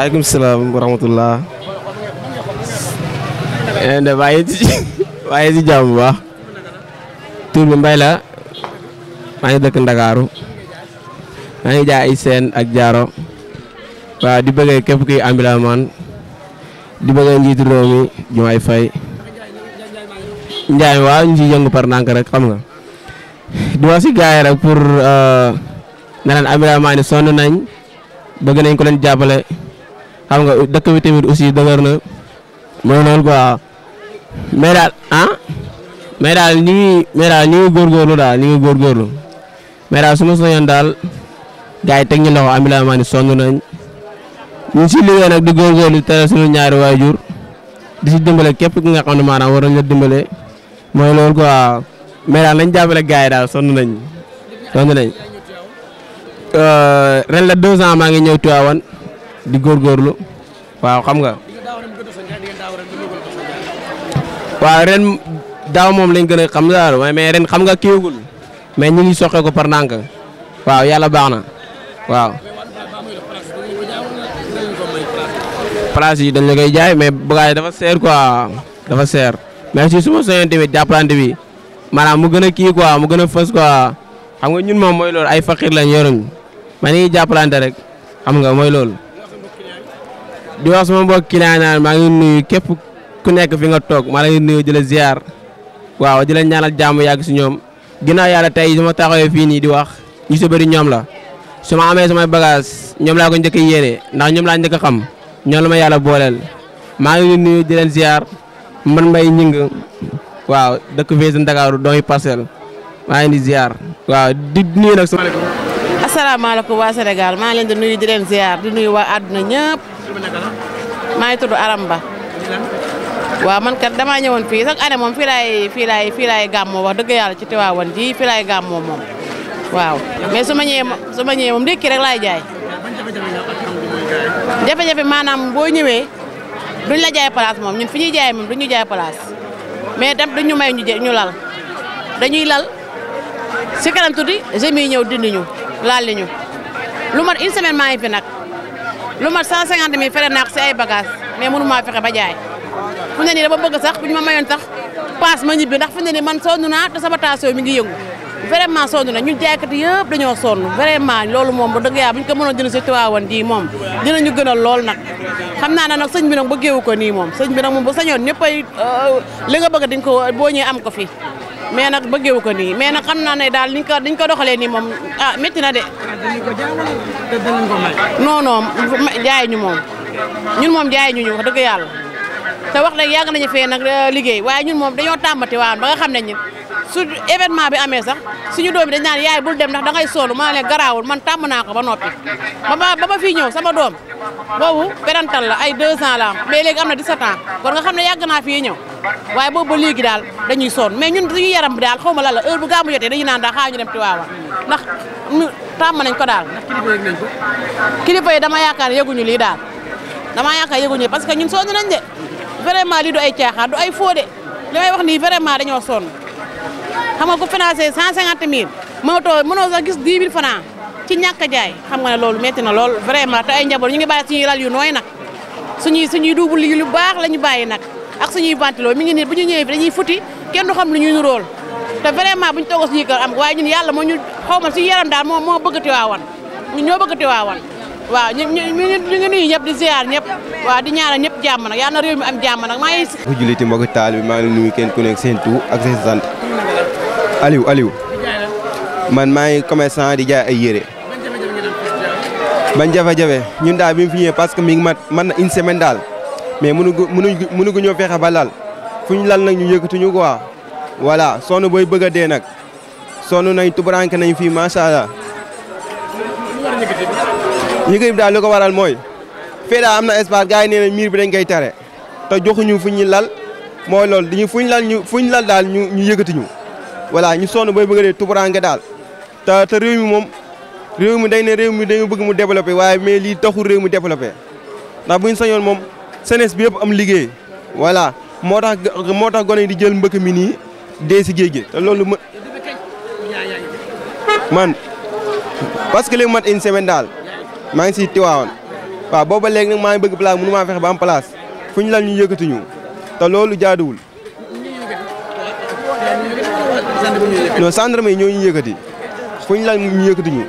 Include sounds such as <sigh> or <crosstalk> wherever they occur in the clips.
Waalaikumsalam warahmatullah. Enda baye ci waye ci jamm wax. Tour bi mbay la. Ma ngi dëkk Ndakaaru. Ma ngi jaay ay seen ak jaaro. Wa di bëggee képp kuy ambilaman. Di bëggee njiitu réew mi Jumaay Fay. Njaay waaw ñu ci yëngu par nank rek xam nga. Di wax si gaay rek pour euh na leen ambilaman sonn nañ. Bëgg nañ ko xam nga dëkk bi tamit aussi dëgër na mooy loolu quoi mais daal ah mais daal ñu ngi mais daal ñu ngi góorgóorlu daal ñu ngi góorgóorlu mais daal su ma soñoon daal gars yi teg ñu loxo Amina Amady sonn nañ ñu si liggéey nag di góorgóorlu tere suñu ñaari waajur di dimbale képp ki nga xam ne maanaam war nañ dimbale mooy loolu quoi mais daal nañ jàppale gars yi daal sonn nañ sonn nañ euh, ren la deux ans maa ngi ñëw Tivaouane di góor góorgóorlu waaw xam nga. waaw ren daaw moom lañ gën a xam daal mais ren xam nga kiiwagul mais ñu ngi soqee ko par ndànk waaw yàlla baax na waaw. place yi dañ la koy jaay mais bagage dafa seer quoi dafa seer mais si suma soñoon tamit jàppalante bi maanaam mu gën a kii quoi mu gën a fës quoi xam nga ñun moom mooy loolu ay fakir lañ yoruñ ma ni jàppalante rek xam nga mooy loolu. di wax sama mbokk client ma ngi nuyu kep ku nek fi nga tok ma lay nuyu jël la ziar waaw di la ñaanal jàmm yag ci ñom ginaa yàlla tay sama taxawé fi ni di wax ñu si bari ñom la su amé sama bagage ñom la ko ñëk yéré ndax ñom la ñëk xam ñoom ma yàlla booleel ngi nuyu di leen ziar man may ñing waaw dekk vez si Ndakaaru doomi parcelle ngi di ziar waaw di nuyu nag asalaamaaleykum waa Sénégal maa leen di nuyu di leen ziar di nuyu wa aduna ñepp maa tuddu tudd Aram Ba waaw man kat dama ñewon fi sax ane mom fi lay fi lay fi lay gàmmoo wax deug yalla ci Tiwaawan ji fi lay gàmmoo mom waaw mais suma ñewé suma ñewé mom dekk rek lay jaay jafé jafé manam bo ñewé duñ la jaay place mom ñun fi ñuy jaay mom duñu jaay place mais dem duñu may ñu ñu lal dañuy lal ci kanam tuddi jeunes ñew dindi ñu lal li ñu lu mar une semaine maa fi nak lu mat 150 000 fere naa ko si ay bagages mais mënu ma fexe ba jaay fu ne nii dama bëgg sax bu ñu ma mayoon sax paas ma ñibbi ndax fu ne nii man sonn naa te sama tension mi ngi yëngu vraiment sonn na ñun jaaykat yëpp dañoo sonn vraiment loolu moom ba dëgg yaa bu ñu ko mënoon jënd si Tiwaawan di moom dinañu gënal lool nag xam naa ne nag sëñ bi nag ba bëggeewu ko nii moom sëñ bi nag moom ba sañoon ñëpp ay euh, li nga bëgg di nga ko boo ñëwee am ko fii mais nag bëggewu ko nii mais nag xam naa ne daal niñ ko niñ ko doxalee nii moom ah métti na de. non non jaay ñu moom ñun moom jaay ñu ñu wax dëgg yàlla te wax nag yàgg nañu fee nag eh, liggéey waaye ñun moom dañoo tàmbati waan ba nga xam ne ñun su événement bi amee sax suñu doom yi dañ naan yaay bul dem ndax da ngay sonn ma ne garaawul man tàmm naa ko ba noppi ba ma ba ma fii ñëw sama doom boobu parental la ay 2 ans la am mais léegi am na 17 ans kon nga xam ne yàgg naa fii ñëw waaye boobu ba léegi daal dañuy soon mais ñun suñu yaram bi daal xaw ma lan la heure bu gàmmu jotee dañuy naan daal xaa ñu dem Tiwaawan ndax tàmm nañ ko daal. ndax kilifa yëg nañ ko. kilifa yi dama yaakaar yëguñu lii daal dama yaakaar yëguñu parce que ñun sonn nañ vraiment lii du ay caaxaan du ay fóode li may wax nii vraiment dañoo sonn xam nga ku financé cent cinquante mille mënatoo mënoo sax gis dix mille francs ci ñàkk jaay xam nga ne loolu metti na lool vraiment te ay njaboot ñu ngi bàyyi suñuy lal yu nooy nag suñuy suñuy duubu lii lu baax la ñu bàyyi nag ak suñuy ventilo mi ngi nii bu ñu ñëwee bi dañuy futi kenn du xam lu ñuy nuróol te vraiment bu ñu toogoo suñuy kër am waaye ñun yàlla moo ñu xaw ma suñu yaram daal moo moo bëgg Tiwaawan ñun ñoo bëgg Tiwaawan waaw ñu ñu ñu ngi nuyu ñëpp di ziar ñëpp waaw di ñaanal ñëpp jàmm nag yàlla na réew mi am jàmm nag maa ngi. bu taal bi maa ngi kenn ku nekk seen tur ak seen sant Aliou Aliou man maa ngi commerçant di jaay ay yére. bañ jafe-jafe ñun daal bi mu fi ñëwee parce que mi ngi mat man na une semaine daal mais mënu mënuñu mënuñu ñoo fexe ba lal fu ñu lal nag ñu yëkkatuñu quoi voilà sonn booy bëgg a dee nag sonn nañ tubaranke nañ fii macha allah. daal li ko waral mooy fee daal am na espace gars yi nee na miir bi dañ koy tere te joxuñu fu ñuy lal moo loolu dañuy fu ñu lal ñu fu ñu lal daal ñu ñu yëkkatuñu. Wala, ñu sonu boy bëgg dee tuburange daal ta te réew mi mom réew mi day né réew mi dañu bëgg mu développer waye mais li taxu réew mi développer na bu sañon mom senes bi yëpp am liggé wala motax motax goné di jël mbëkk mi ni dé ci géej gi loolu man parce que léegi mat une semaine dal ma ngi ci tiwaawon wa boba légui nak ma ngi bëgg place mënu ma fexe ba am place fu ñu ñu yëkkati ñu loolu jaadul non gendarme yi ñoo ñu yëkkati fu ñu laal ñu yëkkati ñu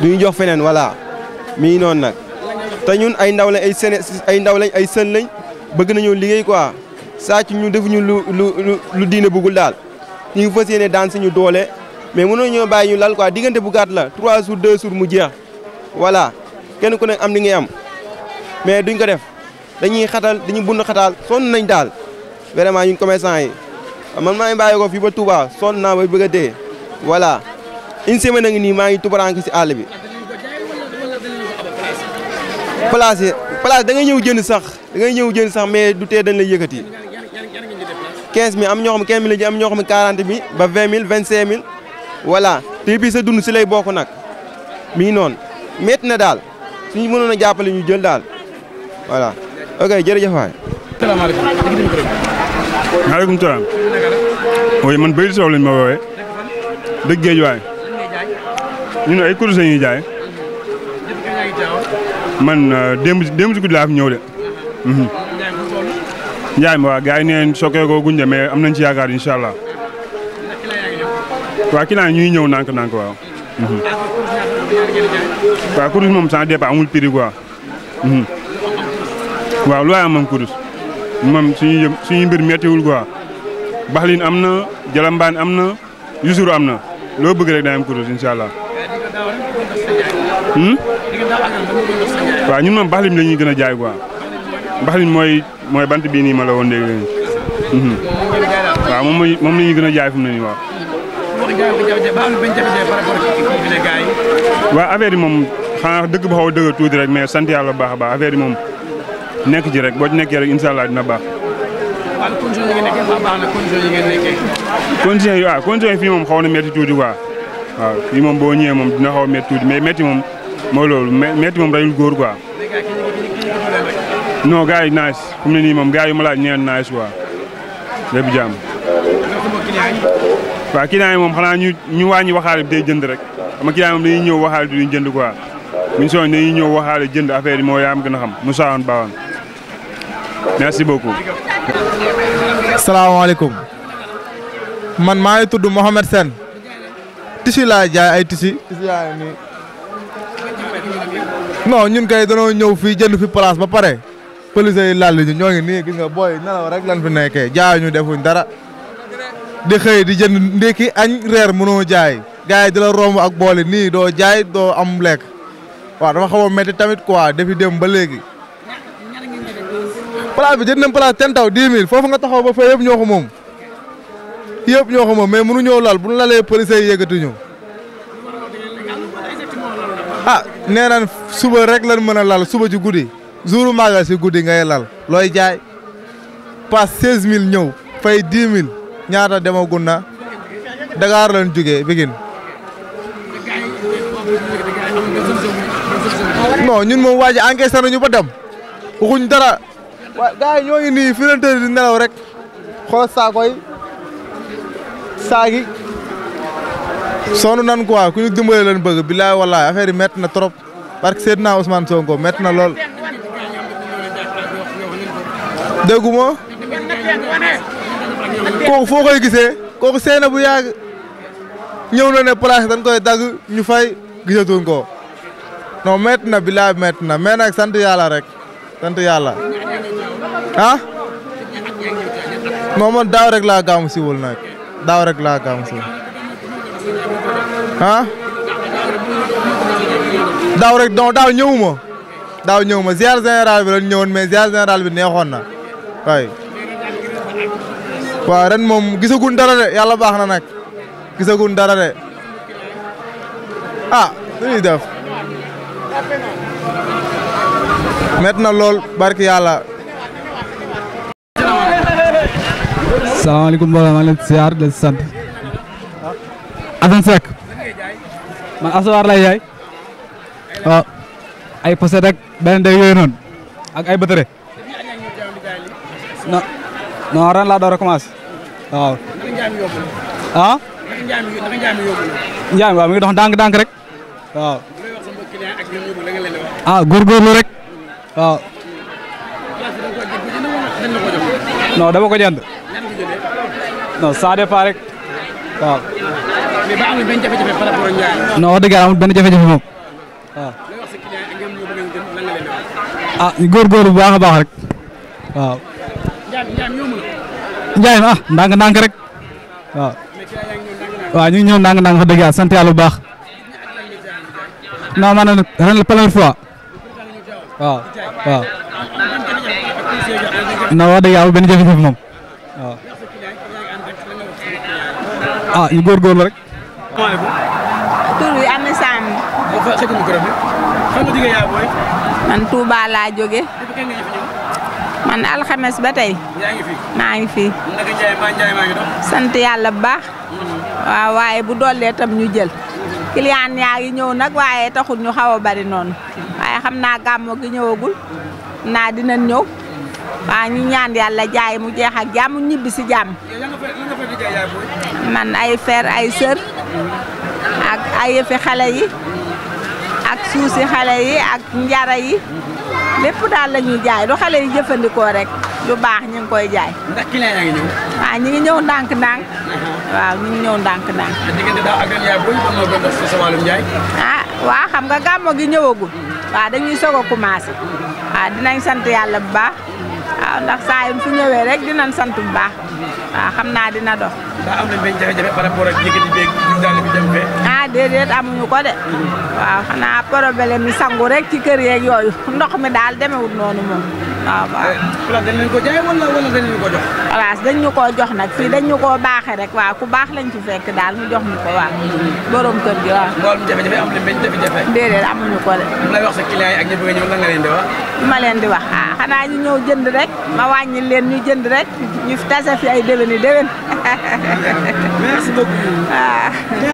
duñu jox feneen voilà mii noonu nag te ñun ay ndaw lañ ay seen ay ndaw lañ ay sën lañ bëgg nañoo liggéey quoi saa ci ñu defuñu lu lu lu diine bëggul daal ñu ngi yéene daan suñu doole mais mënoo ñoo bàyyi ñu lal quoi diggante bu gàtt la 3 jours 2 jours mu jeex voilà kenn ku ne am li ngay am mais duñ ko def dañuy xatal dañu bund xataal sonn nañ daal vraiment ñu commerçant yi. man maa ngi bàyyi ko fii ba Touba sonn naa ba bëgg a voilà une a ngi nii maa ngi tubaranke si àll bi. place yi place da ngay ñëw jënd sax da ngay ñëw jënd sax mais du tee dañ lay yëkkati. 15 000 am ñoo xam 15 000 la am ñoo xam 40 000 ba 20 000 25 000 voilà te bii sa dund si lay bokk nag mi ngi noonu métti na daal suñu mënoon a jàppale ñu jël daal voilà ok jërëjëf waaleykum salaam. oui man Baydi Sow ma woowee. dëgg géej waay. ñu ne ay kurus la ñuy jaay. man euh, démb démb si guddi laa de. Mhm. Njaay ma waa gars neen sokkee ko gunja mais am nañ ci yaakaar incha allah. waaw ki naa ñuy ñëw nànk-nànk waaw. Mhm. waaw kurus moom sans départ amul prix quoi. Mhm. waaw lu waay am moom kurus moom suñuy suñuy mbir méttiwul quoi. Baxlin am na Jalambaan am na Yusuru am na loo bëgg rek daa am kuréel incha allah. Hmm? waaw ñun moom Baxlin la ñuy gën a jaay quoi Baxlin mooy mooy bant bii nii ma la woon léegi léegi. Hmm. moom mooy moom la ñuy gën a jaay fu mu ne nii waaw. waaw moom xanaa dëgg ba xaw a dëgg tuuti rek mais sant yàlla bu baax yi moom nekk ci rek boo ci nekkee rek incha allah dina baax. ak conditions yi ngeen nekkee moom xaw na métti tuuti quoi waaw fii moom boo ñëwee moom dina xaw a tuuti mais métti moom mooy loolu métti moom rayul góor quoi. non gars yi nice fu ne nii moom gars yu ma laaj ñeen nice quoi lépp jàmm. waaw client yi moom xanaa ñu ñu wàññi waxaale bi day jënd rek xam nga yi moom dañuy ñëw waxaale duñu jënd quoi buñ soxla dañuy waxaale jënd affaire yi moo yaa am gën a xam Moussa Wane Ba Wane merci salaamaaleykum man maa ngi tudd Mohamed sen tissu laa jaay ay tisi tissu ñun kay danoo ñëw fii jënd fi place ba pare police yi laal ñu ñoo ngi nii gis nga booy nelaw rek lan fi nekkee jaay ñu defuñ dara di xëy di jënd ndéki añ reer mënoo jaay gars yi di la romb ak boole nii doo jaay doo am lekk waaw dafa xaw a métti tamit quoi depuis dem ba léegi. place bi jënd nañ place ten taw dix mille foofu nga taxaw ba fee yëpp ñoo ko moom yëpp ñoo ko moom mais mënu ñoo lal bu ñu lalee police yi yëkkati ñu ah nee naan suba rek lan mën a lal suba ci guddi jouru magal si guddi ngay lal looy jaay paas seize mille ñëw fay dix mille ñaata demagun na Dakar lañ jógee Pikine non ñun moom waa ji encaissé nañu ba dem waxuñ dara waa gars yi ñoo ngi nii firanteer nelaw rek xool saako yi saagi sonn nan quoi ku ñu dimbale leen bëgg bilaay wallaay affaire yi na trop parce que seet naa Ousmane Sonko métti na lool. dégguma kooku foo koy gisee kooku seena bu yàgg ñëw na ne place dañ koy dagg ñu fay gisatuñ ko non métti na bilaay métti na mais sant yàlla rek sant yàlla. ah non man rek laa gaamu siwul nag daaw rek laa gaamu siwul ah daaw rek donc daaw ñëwuma daaw ñëwuma ziar général bi lañ ñëwoon mais ziar général bi neexoon na waaye waaw ren moom gisagun dara de yàlla baax na nag gisagun dara de ah dañuy met na lool barki Assalamualaikum warahmatullahi wabarakatuh. leen siyaar leen sant Assane Seck man lay jaay waaw ay poset rek benn dég yooyu noonu ak ay bëtëre non non ren laa door a waaw ah mi ngi dox rek waaw ah oh. góorgóorlu rek waaw No, dama ko jënd non ça dépend rek waaw. mais ba amul benn jafe-jafe par rapport ak Ndiaye. non wax dëgg yàlla amul benn jafe-jafe moom waaw. ah ñu góorgóorlu bu baax a baax rek waaw. Ndiaye ah ndànk-ndànk rek waaw. waaw ñu ngi ñëw ndànk-ndànk wax dëgg yàlla sant yàlla bu baax. non maanaam ren la première fois waaw waaw. non wax dëgg yàlla amul benn jafe-jafe moom. ah ñu góorgóorlu rek. salaamaaleykum. tur bi Ami na man Touba jóge. man alxames ba tey. maa ngi fi. sant yàlla bu baax. Mhm. waaw waaye bu doolee tam ñu jël. client yaa ngi ñëw nag waaye taxul ñu xaw a bari noonu. waaye xam naa gàmmu gi ñëwagul. naa dinañ ñëw. waaw ñu ñaan yàlla jaay mu jeex ak jàmm ñibbi si jàmm. man ay fer ay sër ak ay yëfi xale yi ak suusi xale yi ak njara yi lépp daal la ñuy jaay du xale yi jëfandikoo rek lu baax ñu ngi koy jaay. ndax client yaa ngi ñëw. Ah, uh-huh. waaw ñu ngi ñëw ndànk-ndànk. waaw ñu ngi ñëw ndànk-ndànk. yaay booy ba moo gën a si sa wàllum jaay. Ah, waa xam nga gàmmo gi ñëwagul. waaw dañuy soog a commencé. Ah, dinañ sant yàlla bu baax. waaw ndax saa yu fi ñëwee rek dinañ sant bu baax waaw xam naa dina dox. ndax am nañ benn jafe-jafe par rapport ak yëkkati beeg daal bi dem fee. ah déedéet amuñu ko de. waaw xanaa problème yi sangu rek ci kër yeeg yooyu ndox mi daal demewut noonu moom waaw waaw. Eh, place dañ leen ko jaay wala wala dañ leen ko jox. place dañ ñu koo jox nag fii dañ ñu koo baaxee rek waaw ku baax lañ ci fekk daal mu jox ñu ko waaw. borom kër gi waaw. mboolem jafe-jafe am nañ benn jafe-jafe. déedéet amuñu ko de. mu lay wax sa client yi ak ñëpp nga ñëw lan nga leen di wax. ma leen di wax ah. xanaa ñu ñëw jënd rek ma wàññi leen ñu jënd rek ñu tase fi ay déwén <laughs>